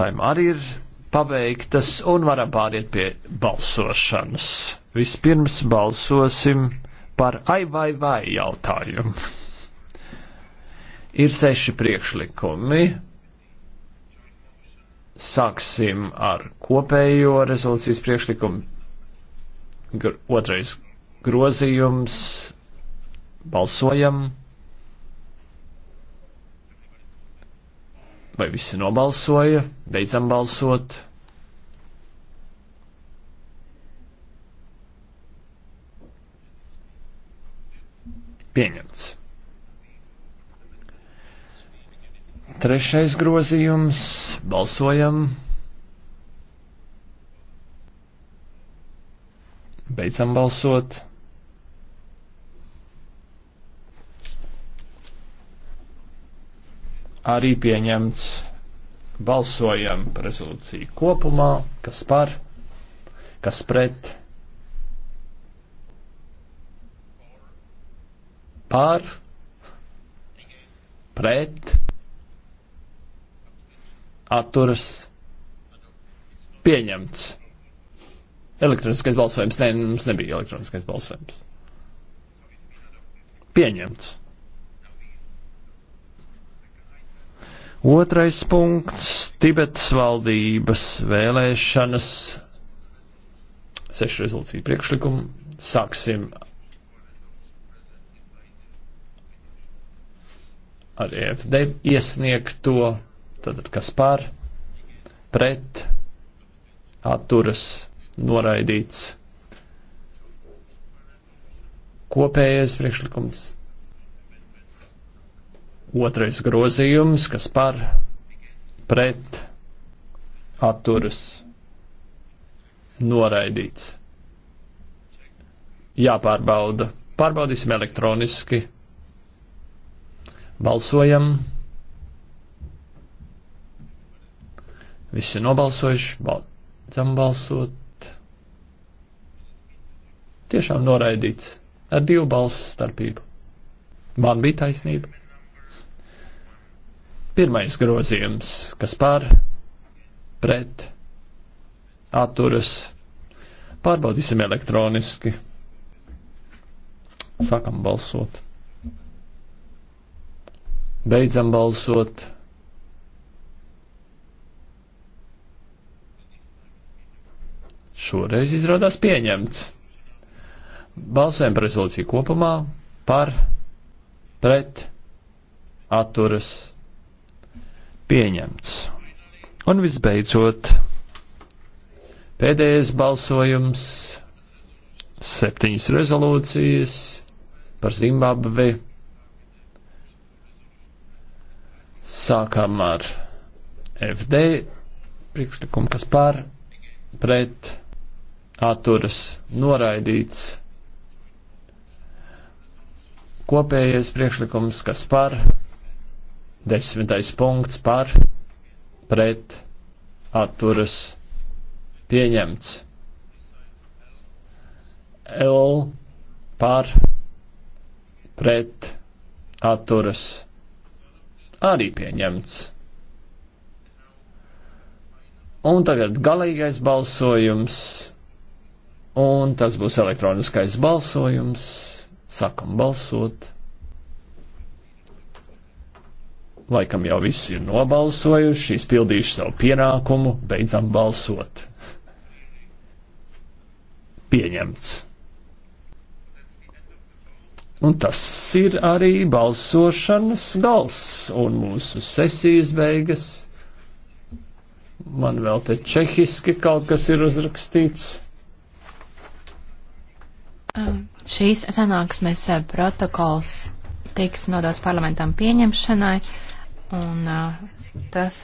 jautājumi arī ir pabeigtas un varam pāriet pie balsošanas. Vispirms balsosim par ai vai vai jautājumu. Ir seši priekšlikumi. Sāksim ar kopējo rezolūcijas priekšlikumu. Gr otrais grozījums. Balsojam. Vai visi nobalsoja? Beidzam balsot. Pieņemts. Trešais grozījums. Balsojam. Beidzam balsot. arī pieņemts. Balsojam par rezolūciju kopumā, kas par, kas pret, par, pret, atturas, pieņemts. Elektroniskais balsojums, nē, ne, mums nebija elektroniskais balsojums. Pieņemts. Otrais punkts - Tibets valdības vēlēšanas. Seši rezolūcija priekšlikumi. Sāksim ar EFD iesniegto, tad kas par, pret, atturas, noraidīts. Kopējais priekšlikums Otrais grozījums, kas par pret atturas noraidīts. Jāpārbauda. Pārbaudīsim elektroniski. Balsojam. Visi nobalsojuši, beidzam balsot. Tiešām noraidīts ar divu balsu starpību. Man bija taisnība. Pirmais grozījums, kas par, pret, atturas, pārbaudīsim elektroniski. Sākam balsot. Beidzam balsot. Šoreiz izrādās pieņemts. Balsojam par rezolūciju kopumā, par, pret, atturas Pieņemts. Un visbeidzot, pēdējais balsojums, septiņas rezolūcijas par Zimbabvi. Sākam ar FD priekšlikumu, kas pār pret atturas noraidīts. Kopējais priekšlikums, kas par Desmitais punkts par pret atturas pieņemts. L par pret atturas arī pieņemts. Un tagad galīgais balsojums, un tas būs elektroniskais balsojums. Sākam balsot! Laikam jau visi ir nobalsojuši, izpildījuši savu pienākumu, beidzam balsot. Pieņemts. Un tas ir arī balsošanas gals un mūsu sesijas beigas. Man vēl te čehiski kaut kas ir uzrakstīts. Um, šīs sanāksmes uh, protokols tiks nodots parlamentam pieņemšanai. Un uh, tas